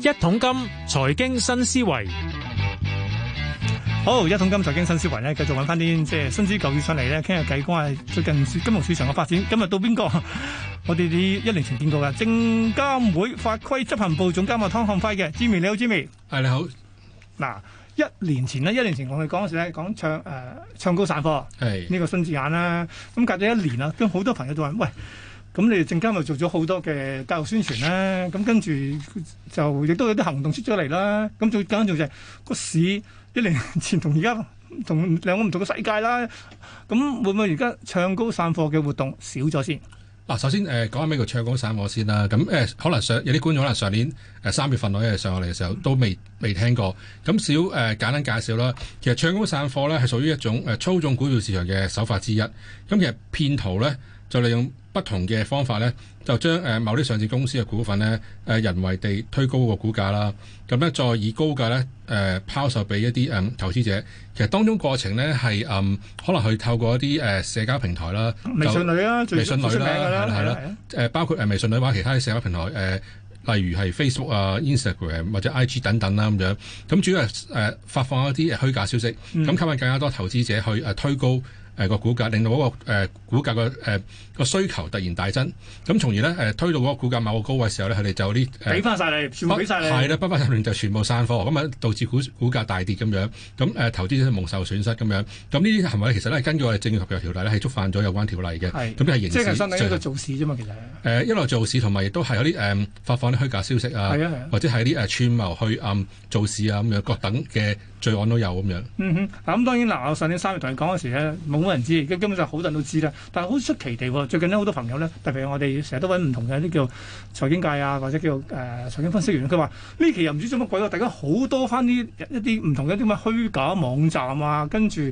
一桶金財經新思維，好一桶金財經新思維咧，繼續揾翻啲即係新知舊語上嚟咧，傾下偈，講下最近金融市場嘅發展。今日到邊個？我哋啲一年前見過嘅證監會法規執行部總監阿湯漢輝嘅，Jimmy，你好，Jimmy 係你好。嗱，一年前咧，一年前我哋講嗰時咧，講唱誒、呃、唱高散貨，係呢、呢個新字眼啦。咁隔咗一年啦，咁好多朋友都話喂。咁你哋陣間咪做咗好多嘅教育宣傳啦、啊。咁跟住就亦都有啲行動出咗嚟啦。咁最簡單就係個市一年前同而家同兩個唔同嘅世界啦、啊。咁會唔會而家唱高散貨嘅活動少咗先？嗱、啊，首先誒、呃、講下咩叫唱高散貨先啦。咁、呃、可能上有啲觀眾可能上年、呃、三月份嗰日上我嚟嘅時候都未未聽過。咁少誒簡單介紹啦。其實唱高散貨咧係屬於一種操縱股票市場嘅手法之一。咁其實騙徒咧，就利用不同嘅方法咧，就將、呃、某啲上市公司嘅股份咧、呃，人為地推高個股價啦。咁咧再以高價咧誒、呃、拋售俾一啲誒、嗯、投資者。其實當中過程咧係嗯可能去透過一啲、呃、社交平台啦，微信女啦，微信女啦，微信名㗎啦，係啦。包括誒微信女或其他嘅社交平台、呃、例如係 Facebook 啊、Instagram 或者 IG 等等啦咁樣。咁主要係、呃、發放一啲虛假消息，咁吸引更加多投資者去、呃、推高。誒、呃、個股價令到、那、嗰個、呃、股價嘅誒個需求突然大增，咁從而咧、呃、推到嗰個股價某個高位時候咧，佢哋就啲俾翻晒你，全部俾晒你係啦，不翻晒亂就全部散貨，咁啊導致股股價大跌咁樣，咁誒、呃、投資者蒙受損失咁樣，咁呢啲行為其實咧根據我哋證合嘅條例咧係觸犯咗有關條例嘅，咁係刑事罪行。即係一個造市啫嘛，其實誒，因、呃、為造市同埋亦都係有啲誒、呃、發放啲虛假消息啊，啊啊或者係啲串謀去暗、呃、造市啊咁樣各等嘅。罪案都有咁樣。嗯哼，嗱咁當然嗱，我上年三月同你講嗰時咧，冇乜人知，而家根本就好多人都知啦。但係好出奇地喎，最近咧好多朋友咧，特別係我哋成日都揾唔同嘅啲叫財經界啊，或者叫誒、呃、財經分析員，佢話呢期又唔知做乜鬼咯，大家好多翻啲一啲唔同嘅啲咩虛假網站啊，跟住。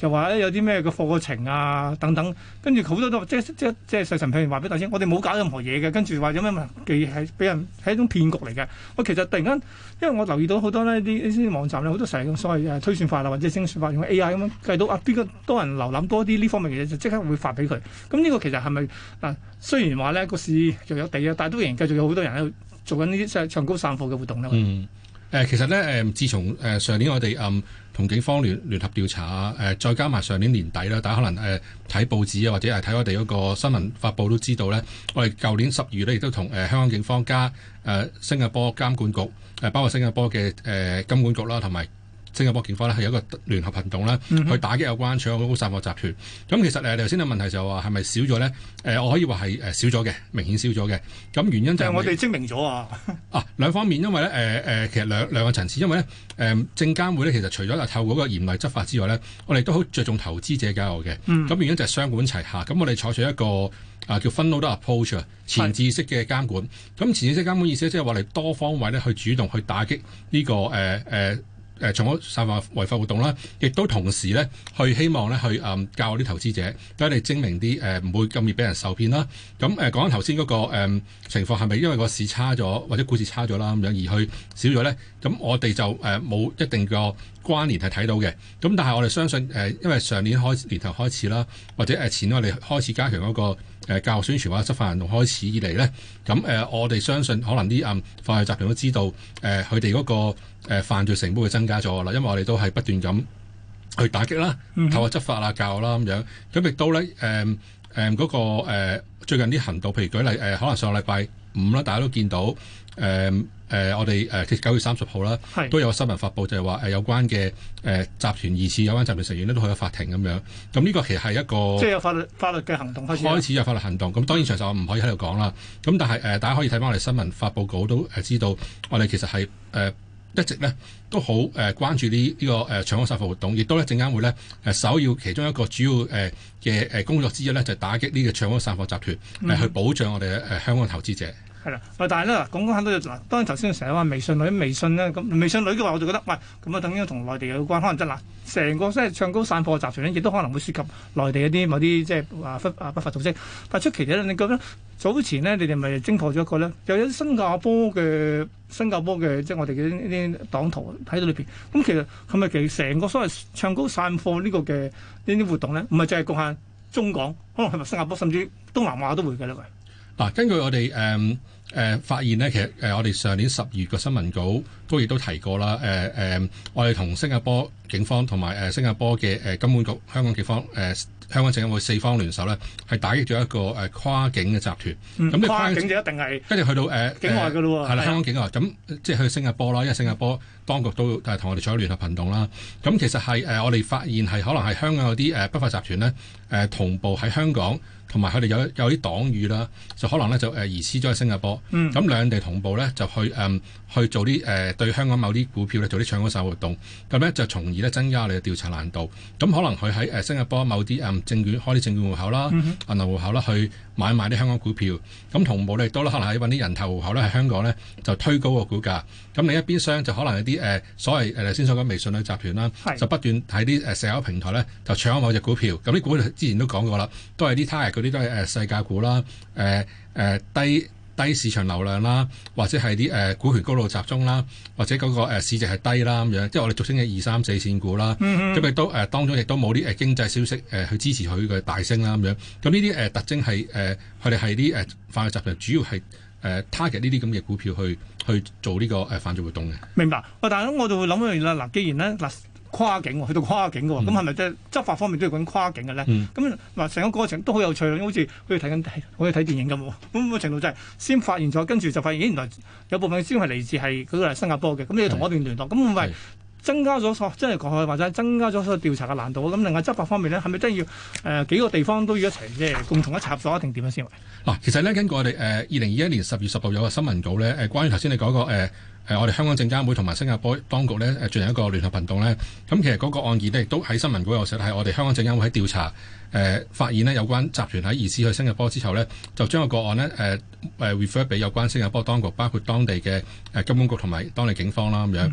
就話咧，有啲咩個課程啊等等，跟住好多都即即即細神，譬如話俾大先，我哋冇搞任何嘢嘅，跟住話有咩問，記係俾人係一種騙局嚟嘅。我其實突然間，因為我留意到好多呢啲啲網站有好多成日用所謂推算法啊或者精算法用 A I 咁樣計到啊邊個多人瀏覽多啲呢方面嘅嘢就即刻會發俾佢。咁呢個其實係咪嗱？雖然話咧個市又有地啊，但係都仍然繼續有好多人喺度做緊呢啲唱高散貨嘅活動咯。嗯誒其實咧，誒自從誒上年我哋誒同警方聯聯合調查啊，再加埋上年年底啦，大家可能誒睇報紙啊，或者係睇我哋嗰個新聞發佈都知道咧，我哋舊年十月咧，亦都同誒香港警方加誒新加坡監管局，誒包括新加坡嘅誒金管局啦，同埋。新加坡警方咧係一個聯合行動咧去打擊有關唱高散貨集團。咁、嗯、其實你頭先嘅問題就話係咪少咗咧、呃？我可以話係少咗嘅，明顯少咗嘅。咁原因就係、是、我哋證明咗 啊啊兩方面，因為咧、呃、其實兩兩個層次，因為咧誒證監會咧其實除咗就透過個嚴厲執法之外咧，我哋都好着重投資者教育嘅。咁原因就係雙管齊下，咁我哋採取一個啊、呃、叫分 multiple approach 前置式嘅監管。咁前置式監管意思呢，即係話你多方位咧去主動去打擊呢、這個、呃呃誒從嗰散發違法活動啦，亦都同時咧，去希望咧去誒教啲投資者，等你哋精明啲，誒唔會咁易俾人受騙啦。咁誒講緊頭先嗰個情況，係咪因為個市差咗或者股市差咗啦咁樣而去少咗咧？咁我哋就誒冇一定個關聯係睇到嘅。咁但係我哋相信誒，因為上年開年頭開始啦，或者誒前年我哋開始加強嗰、嗰個。誒教學宣傳或者執法行動開始以嚟咧，咁誒、呃、我哋相信可能啲誒、嗯、犯罪集團都知道，誒佢哋嗰個、呃、犯罪成本會增加咗啦，因為我哋都係不斷咁去打擊啦、透、嗯、過執法啦教啦咁樣，咁亦都咧誒誒嗰個、呃、最近啲行動，譬如舉例、呃、可能上個禮拜五啦，大家都見到。誒、uh, 誒、uh, uh，我哋誒九月三十號啦，都有個新聞發布就，就係話誒有關嘅誒、uh, 集團疑似有關集團成員咧都去咗法庭咁樣。咁呢個其實係一個即係有法律法律嘅行動開始，開始有法律行動。咁、嗯、當然詳細我唔可以喺度講啦。咁但係誒，uh, 大家可以睇翻我哋新聞發佈稿都誒知道，我哋其實係誒、uh, 一直咧都好誒關注呢、這、呢個誒、這個啊、唱高散貨活動，亦都咧證監會咧、啊、首要其中一個主要誒嘅誒工作之一咧就係、是、打擊呢個唱高散貨集團，嗯、去保障我哋誒香港投資者。係啦，但係咧，講講下多嘢。嗱，當然頭先成日話微信女、微信咧咁，微信女嘅話，我就覺得喂，咁啊，等於同內地有關，可能真，嗱，成個即係唱高散貨集團咧，亦都可能會涉及內地一啲某啲即係話不啊不法組織。但出奇嘅，你覺得早前咧，你哋咪偵破咗一個咧，又有新加坡嘅新加坡嘅即係我哋嘅呢啲黨徒喺度裏邊。咁其實係咪其實成個所謂唱高散貨呢個嘅呢啲活動咧，唔係淨係侷限中港，可能係咪新加坡甚至東南亞都會㗎啦？喂！嗱，根據我哋誒誒發現咧，其實誒、呃、我哋上年十二月嘅新聞稿都亦都提過啦，誒、呃、誒、呃，我哋同新加坡警方同埋誒新加坡嘅誒金管局、香港警方誒、呃、香港政府四方聯手咧，係打擊咗一個誒、呃、跨境嘅集團。咁、嗯嗯、跨境就一定係跟住去到誒境外嘅咯喎。係、呃、啦，香港境外。咁即係去新加坡啦，因為新加坡當局都同我哋做咗聯合行動啦。咁其實係誒、呃、我哋發現係可能係香港有啲誒、呃、不法集團咧、呃，同步喺香港。同埋佢哋有有啲黨羽啦，就可能咧就誒移師咗去新加坡，咁、嗯、兩地同步咧就去、呃去做啲誒、呃、對香港某啲股票咧做啲搶手活動，咁咧就從而咧增加你嘅調查難度。咁可能佢喺新加坡某啲誒、嗯、證券開啲證券戶口啦、銀、嗯、行戶口啦，去買賣啲香港股票。咁同步咧，多啦可能喺揾啲人頭戶口咧喺香港咧就推高個股價。咁另一邊廂，就可能有啲誒所謂、呃、先所講微信嘅集團啦，就不斷喺啲誒社交平台咧就搶某隻股票。咁啲股票之前都講過啦，都係啲泰嗰啲都係誒世界股啦，呃呃、低。低市場流量啦，或者係啲誒股權高度集中啦，或者嗰、那個、呃、市值係低啦咁樣，即係我哋俗稱嘅二三四線股啦。咁、mm、佢 -hmm. 都誒、呃、當中亦都冇啲誒經濟消息誒、呃、去支持佢嘅大升啦咁樣。咁呢啲誒特徵係誒佢哋係啲誒犯罪集團主要係誒、呃、target 呢啲咁嘅股票去去做呢、這個誒犯罪活動嘅。明白。哦、但係咁我就會諗一樣嘢啦，嗱，既然咧嗱。跨境喎，去到跨境嘅喎，咁係咪即係執法方面都要講緊跨境嘅咧？咁、嗯、嗱，成個過程都好有趣，好似好似睇緊好似睇電影咁喎。咁個程度就係先發現咗，跟住就發現咦，原來有部分先係嚟自係嗰個新加坡嘅。咁你要同嗰邊聯絡，咁唔係增加咗，即係過去或者增加咗個調查嘅難度。咁另外執法方面咧，係咪真係要誒、呃、幾個地方都要一齊即係共同一齊合作，一定點樣先？嗱、啊，其實咧根據我哋誒二零二一年十月十號有個新聞稿咧，誒、呃、關於頭先你講個、呃呃、我哋香港證監會同埋新加坡當局咧，誒、呃、進行一個聯合行動。咧、嗯。咁其實嗰個案件呢亦都喺新聞稿有寫，係我哋香港證監會喺調查、呃，發現呢有關集團喺疑似去新加坡之後咧，就將個個案咧，誒、呃、誒 refer 俾有關新加坡當局，包括當地嘅金管局同埋當地警方啦咁、mm -hmm. 樣。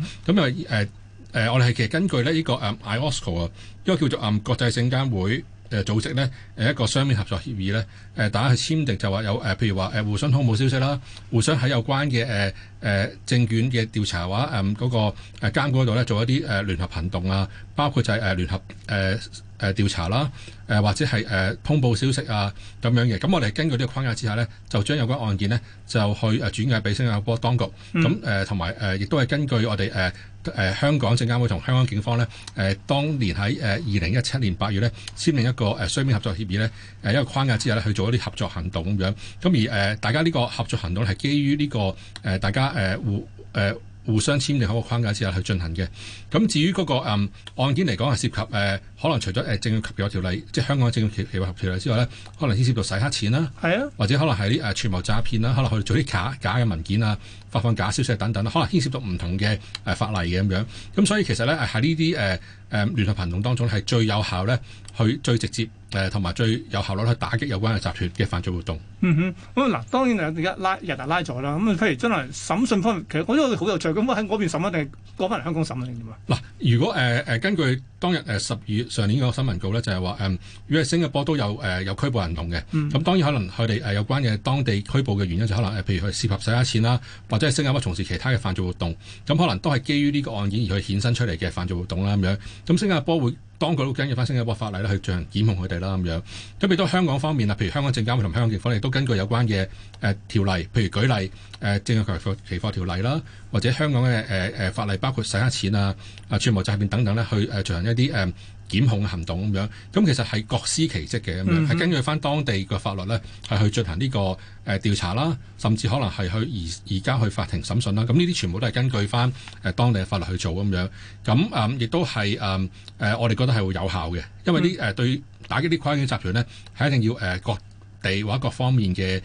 咁、呃、又、呃、我哋係其實根據咧呢、呢個、um, IOSCO 啊，呢個叫做、嗯、國際證監會。誒組織咧，誒一個雙面合作協議咧，誒大家去簽訂就話有誒，譬如話誒互相通報消息啦，互相喺有關嘅誒誒證券嘅調查話誒嗰個誒監管嗰度咧做一啲誒聯合行動啊，包括就係誒聯合誒。誒、啊、調查啦，誒、啊、或者係誒、啊、通報消息啊咁樣嘅，咁我哋根據呢個框架之下呢，就將有關案件呢，就去誒、啊、轉介俾新加坡當局，咁誒同埋誒亦都係根據我哋誒、啊啊、香港證監會同香港警方呢，誒、啊、當年喺誒二零一七年八月呢，簽訂一個誒雙邊合作協議呢、啊，一個框架之下呢去做一啲合作行動咁樣，咁、啊、而誒、啊、大家呢個合作行動係基於呢、這個誒、啊、大家誒互誒。啊啊互相簽訂好個框架之下去進行嘅，咁至於嗰、那個、嗯、案件嚟講係涉及、呃、可能除咗誒、呃、證券及期貨條例，即係香港嘅證券及期貨條例之外咧，可能先涉及到洗黑錢啦、啊啊，或者可能係啲誒串謀詐騙啦、啊，可能佢做啲假假嘅文件啊。發放假消息等等啦，可能牽涉到唔同嘅誒、呃、法例嘅咁樣，咁、嗯、所以其實咧喺呢啲誒誒聯合行動當中係最有效咧，去最直接誒同埋最有效率去打擊有關嘅集團嘅犯罪活動。嗯哼，咁嗱當然而家拉人大拉咗啦，咁譬如真係審訊方面，其實我覺得好有趣，咁喺嗰邊審啊定過翻嚟香港審啊定點啊？嗱、呃，如果誒誒、呃、根據當日誒十二月上年嗰個新聞稿咧，就係話誒，如果新加坡都有誒、呃、有拘捕行動嘅，咁、嗯、當然可能佢哋誒有關嘅當地拘捕嘅原因就可能、呃、譬如佢涉及洗黑錢啦。即係新加坡從事其他嘅犯罪活動，咁可能都係基於呢個案件而去衍生出嚟嘅犯罪活動啦咁樣。咁新加坡會當局都根據翻新加坡法例咧，去進行檢控佢哋啦咁樣。咁亦都香港方面啦，譬如香港證監會同香港警方，亦都根據有關嘅誒、呃、條例，譬如舉例誒證券及期貨條例啦，或者香港嘅誒誒法例，包括洗黑錢啊、啊串謀詐騙等等咧，去誒進行一啲誒。呃檢控嘅行動咁樣，咁其實係各司其職嘅咁樣，係根據翻當地嘅法律咧，係去進行呢個、呃、調查啦，甚至可能係去而而家去法庭審訊啦。咁呢啲全部都係根據翻誒當地嘅法律去做咁樣。咁啊，亦、嗯、都係、嗯呃、我哋覺得係會有效嘅，因為呢、呃、對打擊啲跨境集團咧，係一定要、呃、各地或者各方面嘅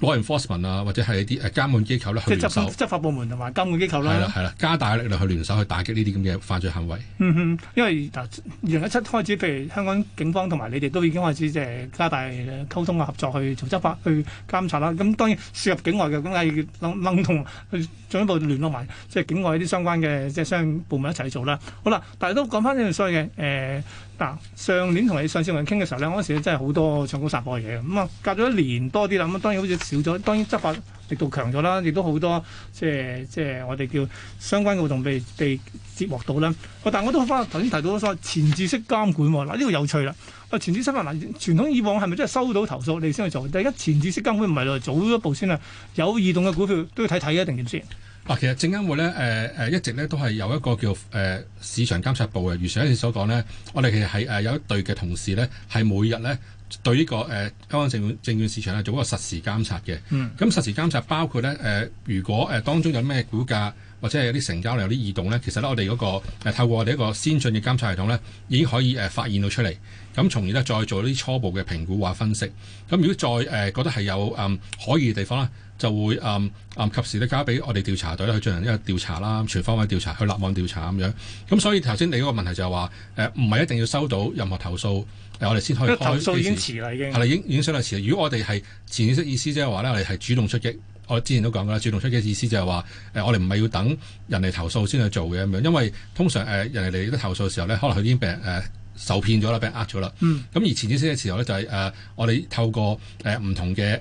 Law enforcement 啊，或者係一啲誒監管機構啦，即聯手，即係、執法部門同埋監管機構啦、啊。係啦係啦，加大力量去聯手去打擊呢啲咁嘅犯罪行為。嗯哼，因為嗱二零一七開始，譬如香港警方同埋你哋都已經開始即係加大溝通嘅合作去做執法、去監察啦。咁當然涉入境外嘅，咁梗係能同通去進一步聯絡埋即係境外一啲相關嘅即係相應部門一齊做啦。好啦，但係都講翻呢樣所謂嘅誒。呃嗱、啊，上年同你上次同你傾嘅時候咧，嗰時真係好多唱高散貨嘅嘢，咁啊隔咗一年多啲啦，咁當然好似少咗，當然執法力度強咗啦，亦都好多即係即係我哋叫相關嘅活動被被接獲到啦。但係我都翻頭先提到嗰個前置式監管喎，嗱、啊、呢、呢個有趣啦。啊，前置式法嗱、啊，傳統以往係咪真係收到投訴你先去做？但係一前置式監管唔係嚟早一步先啊，有異動嘅股票都要睇睇嘅，一定點先？啊，其實證監會咧，誒、呃、一直咧都係有一個叫誒、呃、市場監察部嘅，如上一次所講咧，我哋其實係有一隊嘅同事咧，係每日咧對呢、這個誒香港證券證券市場係做一個實時監察嘅。嗯。咁實時監察包括咧誒、呃，如果誒當中有咩股價或者係有啲成交量有啲異動咧，其實咧我哋嗰、那個透過我哋一個先進嘅監察系統咧，已經可以誒、呃、發現到出嚟。咁從而咧再做啲初步嘅評估或分析。咁如果再誒、呃、覺得係有誒、呃、可疑嘅地方咧，就會誒誒、嗯嗯、及時咧，交俾我哋調查隊去進行一個調查啦，全方位調查，去立案調查咁樣。咁、嗯、所以頭先你嗰個問題就係話，唔、呃、係一定要收到任何投訴、呃，我哋先可以開。投訴已經遲啦，已經係啦，影影相啦，遲啦。如果我哋係前置式意思即係話咧，我哋係主動出擊。我之前都講噶啦，主動出擊嘅意思就係話、呃，我哋唔係要等人哋投訴先去做嘅咁樣，因為通常、呃、人哋嚟投訴嘅時候咧，可能佢已經被誒、呃、受騙咗啦，俾人呃咗啦。咁、嗯、而前置式嘅時候咧，就係誒我哋透過唔、呃、同嘅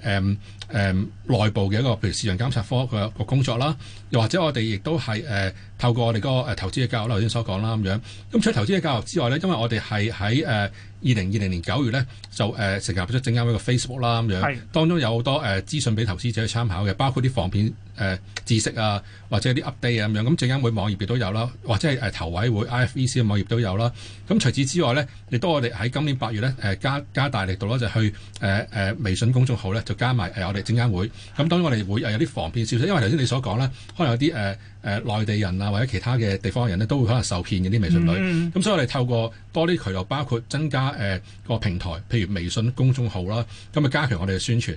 誒、呃、內部嘅一個，譬如市場監察科嘅個工作啦，又或者我哋亦都係透過我哋、嗰個誒、呃、投資嘅教育所啦，頭先所講啦咁樣，咁除投資嘅教育之外咧，因為我哋係喺誒二零二零年九月咧，就、呃、成立咗證監會個 Facebook 啦咁樣，當當中有好多誒、呃、資訊俾投資者參考嘅，包括啲防騙誒、呃、知識啊，或者啲 update 啊咁樣。咁證監會網頁入邊都有啦，或者係誒、呃、投委會 IFEC 嘅網頁都有啦。咁、嗯、除此之外咧，亦都我哋喺今年八月咧、呃、加加大力度啦，就去誒、呃呃、微信公眾號咧就加埋我我。呃證監會，咁當然我哋會有啲防騙消息，因為頭先你所講啦，可能有啲誒。呃誒、呃、內地人啊，或者其他嘅地方人咧，都會可能受騙嘅啲微信裏，咁、mm -hmm. 嗯、所以我哋透過多啲渠道，包括增加誒、呃、個平台，譬如微信公眾號啦，咁啊加強我哋嘅宣傳。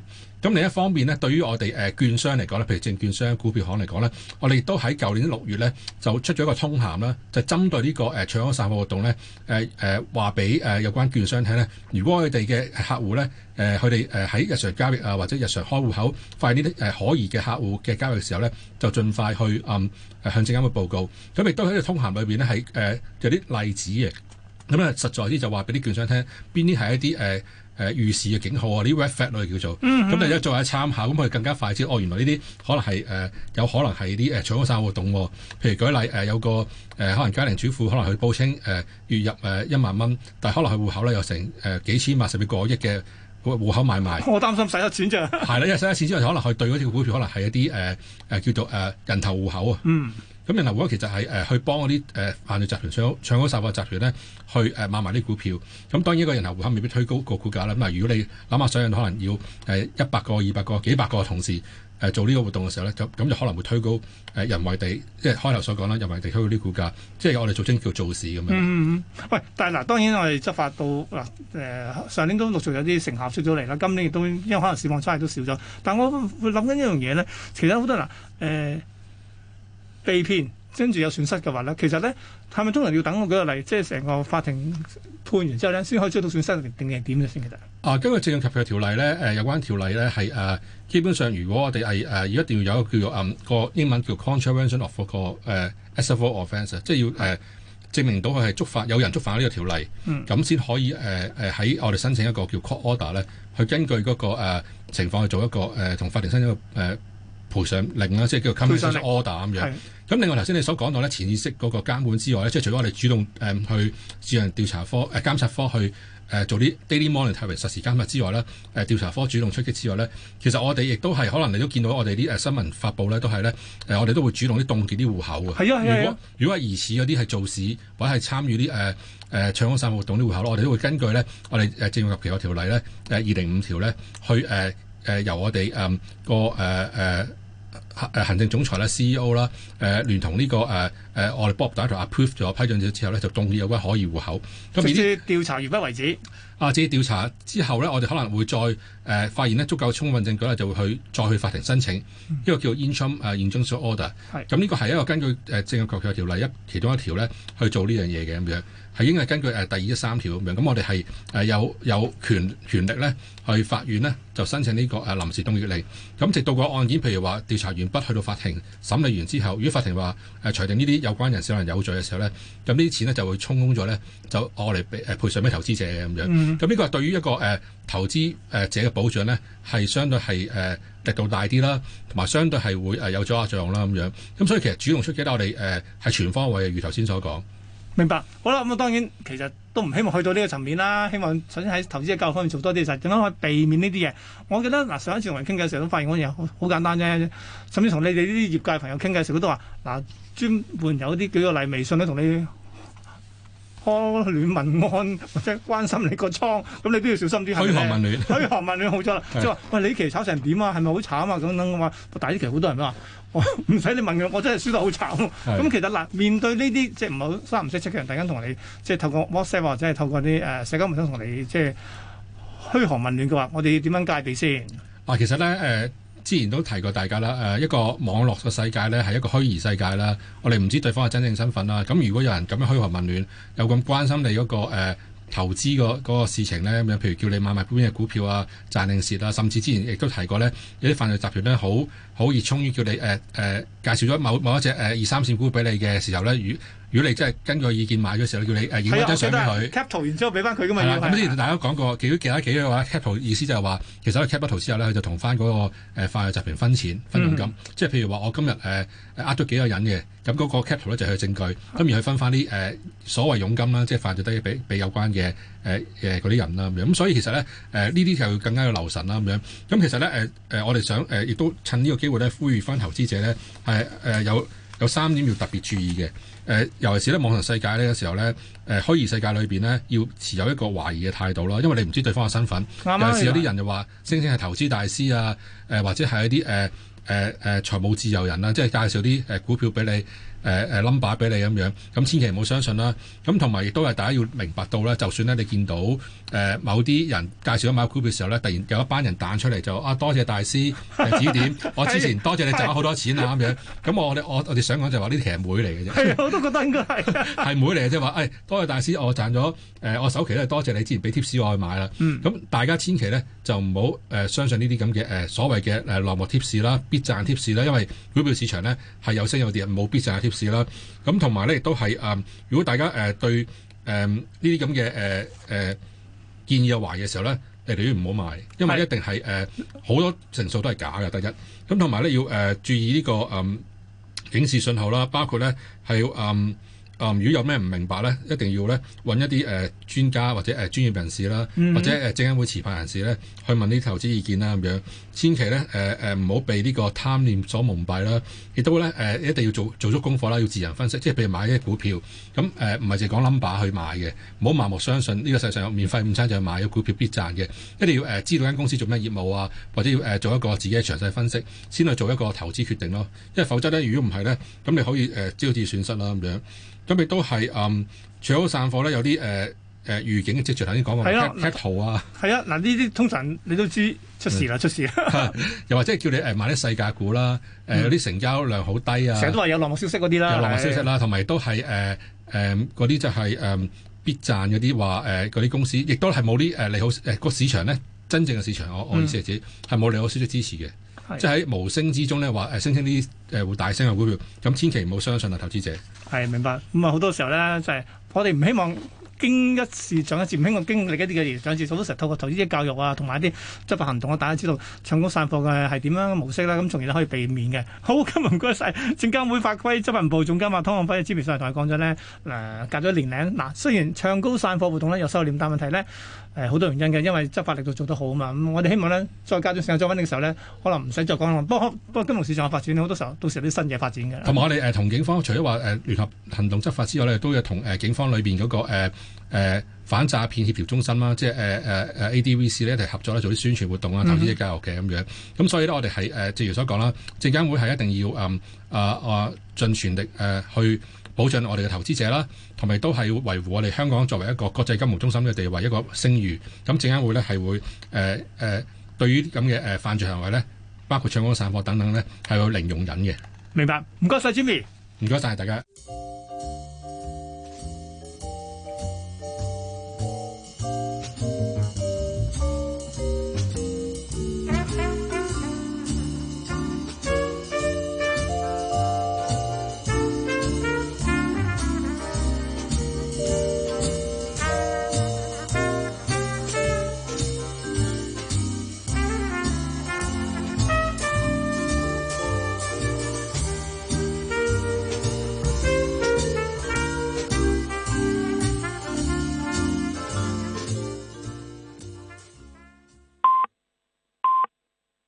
咁、嗯、另一方面咧，對於我哋誒、呃、券商嚟講咧，譬如證券商、股票行嚟講咧，我哋亦都喺舊年六月咧就出咗一個通函啦，就針對呢、這個誒唱高散貨嘅活動咧，誒誒話俾有關券商睇咧，如果佢哋嘅客戶咧，誒佢哋喺日常交易啊、呃、或者日常開戶口，快啲啲、呃、可疑嘅客戶嘅交易嘅時候咧，就盡快去、呃向證監會報告咁，亦都喺度通函裏面，咧係誒有啲例子嘅咁咧。實在啲就話俾啲券商聽邊啲係一啲誒誒預示嘅警號啊，啲 red flag 類叫做咁。大、嗯、一做下參考，咁佢更加快捷。哦。原來呢啲可能係誒、呃、有可能係啲誒搶兌散戶活動，譬如舉例、呃、有個誒、呃、可能家庭主婦可能佢報稱誒月入誒一萬蚊，但係可能佢戶口咧有成誒、呃、幾千萬甚至過億嘅。個戶口買賣，我擔心使咗錢啫。係啦，因為使咗錢之後，可能去對嗰條股票，可能係一啲誒誒叫做誒、呃、人頭戶口啊。嗯，咁人頭戶口其實係誒、呃、去幫嗰啲誒犯罪集團，唱唱高散貨集團咧，去誒買埋啲股票。咁當然一個人頭戶口未必推高個股價啦。咁啊，如果你諗下，想像可能要誒一百個、二百個、幾百個同事。誒做呢個活動嘅時候咧，就咁就可能會推高人為地，即係開頭所講啦，人為地推高啲股價，即係我哋俗稱叫做市咁樣。嗯嗯，喂，但係嗱，當然我哋執法到嗱、呃，上年都陸續有啲成效出咗嚟啦，今年亦都因為可能市況差異都少咗，但我會諗緊一樣嘢咧，其實好多嗱誒、呃，被騙。跟住有損失嘅話咧，其實咧係咪通常要等我舉個例，即係成個法庭判完之後咧，先可以追到損失定定係點嘅先嘅？啊，根據《證券及條例》咧、呃，誒有關條例咧係誒基本上，如果我哋係誒一定要有一個叫做誒個英文叫 of,、呃《contravention of 個誒 SFO offence、嗯》，即係要誒、呃、證明到佢係觸犯有人觸犯呢個條例，咁、嗯、先可以誒誒喺我哋申請一個叫 court order 咧，去根據嗰、那個、呃、情況去做一個誒同、呃、法庭申請一個、呃賠償令啦，即係叫做 commission order 咁樣。咁另外頭先你所講到咧，潛意識嗰個監管之外咧，即係除咗我哋主動誒、嗯、去自行調查科誒、啊、監察科去誒、啊、做啲 daily monitor 為實時監察之外咧，誒、啊、調查科主動出擊之外咧，其實我哋亦都係可能你都見到我哋啲誒新聞發布咧，都係咧誒我哋都會主動啲凍結啲戶口㗎。係啊，啊如果啊如果疑似嗰啲係做市，或者係參與啲誒誒唱高散貨活動啲戶口我哋都會根據咧、啊、我哋誒證券及期貨條例咧誒二零五條咧、啊、去誒。啊由我哋誒、嗯那個誒誒誒行政總裁啦、CEO 啦誒聯同呢、這個誒誒我哋 Bob 打台 approve 咗批准咗之後，咧、呃，就凍結有關可疑戶口。咁至調查完畢為止。啊！自己調查之後咧，我哋可能會再誒、呃、發現呢，足夠充分證據咧，就會去再去法庭申請、嗯、一個叫 in-cham 誒 injunction order。咁、嗯、呢、這個係一個根據誒《證人確條條例》一其中一條咧去做呢樣嘢嘅咁樣，係應該根據、呃、第二一三條咁樣咁、嗯、我哋係、呃、有有權權力咧去法院咧就申請呢、這個誒臨、呃、時凍結令。咁直到個案件譬如話調查完畢去到法庭審理完之後，如果法庭話、呃、裁定呢啲有關人士可能有罪嘅時候咧，咁呢啲錢咧就會充公咗咧，就我嚟俾誒賠償俾投資者嘅咁咁、嗯、呢個係對於一個、呃、投資者嘅保障咧，係相對係、呃、力度大啲啦，同埋相對係會誒、呃、有阻嚇作用啦咁樣咁所以其實主動出擊咧，我哋誒係全方位嘅，如頭先所講。明白。好啦，咁啊當然其實都唔希望去到呢個層面啦，希望首先喺投資嘅教育方面做多啲嘢，盡量可以避免呢啲嘢。我記得嗱上一次同人傾偈嘅時候都發現嗰樣好簡單啫，甚至同你哋呢啲業界朋友傾偈嘅時候都話：嗱，專門有啲舉個例，微信咧同你。噓寒問暖，或者關心你個倉，咁你都要小心啲。噓寒問暖，是是 噓寒問暖好咗啦。即係話，喂，你期炒成點啊？係咪好慘啊？咁樣我話，但係其實好多人都話，唔、哦、使你問佢，我真係輸得好慘。咁其實嗱、啊，面對呢啲即係唔好三唔識七嘅人，突然間同你即係透過 WhatsApp 或者係透過啲誒、呃、社交媒體同你即係噓寒問暖嘅話，我哋要點樣戒備先？啊，其實咧誒。呃之前都提過大家啦，誒一個網絡嘅世界呢係一個虛擬世界啦，我哋唔知對方嘅真正身份啦。咁如果有人咁樣噓寒問暖，又咁關心你嗰個投資個嗰個事情呢，譬如叫你買埋邊隻嘅股票啊，賺定蝕啊，甚至之前亦都提過呢，有啲犯罪集團呢，好好熱衷於叫你誒誒、呃、介紹咗某某一隻誒二三線股俾你嘅時候呢，如如果你真係根據意見買咗嘅時候，你叫你誒影張相俾佢。Capital、呃、完之後俾翻佢嘅嘛。咁、啊、之前大家講講過幾其他幾嘅話，capital 意思就係話其實佢 capital 之後咧，就同翻嗰個誒犯罪集團分錢分佣金。嗯、即係譬如話我今日誒呃咗幾個人嘅，咁嗰個 capital 咧就係、是、佢證據。咁而佢分翻啲誒所謂佣金啦，即係犯罪低俾俾有關嘅嗰啲人啦咁樣咁所以其實咧呢啲、呃、就更加要留神啦咁樣咁其實咧誒、呃、我哋想誒亦、呃、都趁呢個機會咧，呼籲翻投資者咧、呃、有。有三點要特別注意嘅，誒、呃，尤其是咧網上世界呢嘅時候咧，誒、呃、虛擬世界裏面咧，要持有一個懷疑嘅態度囉，因為你唔知對方嘅身份。嗯、尤其是有時有啲人就話、嗯、星星係投資大師啊，呃、或者係一啲誒誒誒財務自由人啦、啊，即係介紹啲、呃、股票俾你。誒誒 number 俾你咁樣，咁千祈唔好相信啦。咁同埋亦都係大家要明白到啦。就算咧你見到誒、呃、某啲人介紹咗買股票嘅時候咧，突然有一班人彈出嚟，就啊多謝大師指點， 我之前多謝你賺咗好多錢啊咁樣。咁 我我哋想講就話呢啲係妹嚟嘅啫。 我都覺得應該係係妹嚟嘅，即係話誒、哎、多謝大師，我賺咗誒、呃、我首期咧，多謝你之前俾貼士我去買啦。咁、嗯、大家千祈咧就唔好誒相信呢啲咁嘅誒所謂嘅誒內幕貼士啦，必賺貼士啦，因為股票市場咧係有升有跌，冇必賺嗯、是啦，咁同埋咧，亦都係如果大家誒、呃、對誒呢啲咁嘅誒誒建議有懷疑嘅時候咧，你寧唔好買，因為一定係誒好多成數都係假嘅第一。咁同埋咧，要誒、呃、注意呢、這個、嗯、警示信號啦，包括咧係要嗯。啊、嗯！如果有咩唔明白咧，一定要咧揾一啲誒、呃、專家或者誒專業人士啦，嗯、或者誒證監會持牌人士咧，去問啲投資意見啦。咁樣千祈咧誒唔好被呢個貪念所蒙蔽啦。亦都咧誒、呃、一定要做做足功課啦，要自行分析。即係譬如買啲股票咁誒，唔係凈係講 number 去買嘅，唔好盲目相信呢、呢個世上有免費午餐就去買。股票必賺嘅一定要誒、呃、知道間公司做咩業務啊，或者要做一個自己嘅詳細分析先去做一個投資決定咯。因為否則咧，如果唔係咧，咁你可以招致、呃、損失啦。咁樣。咁亦都係誒，除、嗯、咗散貨咧，有啲誒誒預警嘅跡象，頭先講過 cap cap 圖啊，啊，嗱呢啲通常你都知出事啦，出事。又、嗯、或者叫你誒買啲細價股啦，嗯、有啲成交量好低啊，成日都話有內幕消息嗰啲啦，有內幕消息啦，同埋都係誒嗰啲就係、是、誒、呃、必賺嗰啲話誒嗰啲公司，亦都係冇啲誒利好誒、那個、市場咧，真正嘅市場我、嗯、我意思係指係冇利好消息、那個、支持嘅。是即喺無聲之中呢，話誒聲稱啲誒會大升嘅股票，咁千祈唔好相信啊！投資者係明白，咁啊好多時候呢，就係、是、我哋唔希望經一次漲一漸輕嘅經歷一啲嘅嘢，上次我都成日透過投資者教育啊，同埋一啲執法行動啊，大家知道唱高散貨嘅係點樣模式啦、啊，咁從而都可以避免嘅。好，今日唔該曬證監會法規執法部總監啊，湯漢輝司理上嚟同你講咗呢，誒、呃，隔咗年零嗱，雖然唱高散貨活動呢，有收斂，但問題呢。誒好多原因嘅，因為執法力度做得好啊嘛！咁我哋希望呢，再加段時間再揾嘅時候呢，可能唔使再講啦。不過不過金融市場嘅發展好多時候，到時有啲新嘢發展嘅。同埋我哋同、呃、警方除，除咗話誒聯合行動執法之外呢都有同、呃、警方裏面嗰、那個誒、呃、反詐騙協調中心啦，即係誒 ADVC 呢，一齊合作做啲宣傳活動啊、投資嘅教育嘅咁樣。咁、嗯嗯、所以呢，我哋係誒，正如所講啦，證監會係一定要誒誒誒盡全力、呃、去。保障我哋嘅投資者啦，同埋都係維護我哋香港作為一個國際金融中心嘅地位、一個聲譽。咁證監會咧係會誒誒、呃呃、對於咁嘅犯罪行為咧，包括唱高、散貨等等咧係會零容忍嘅。明白，唔該晒，Jimmy，唔該晒，謝謝大家。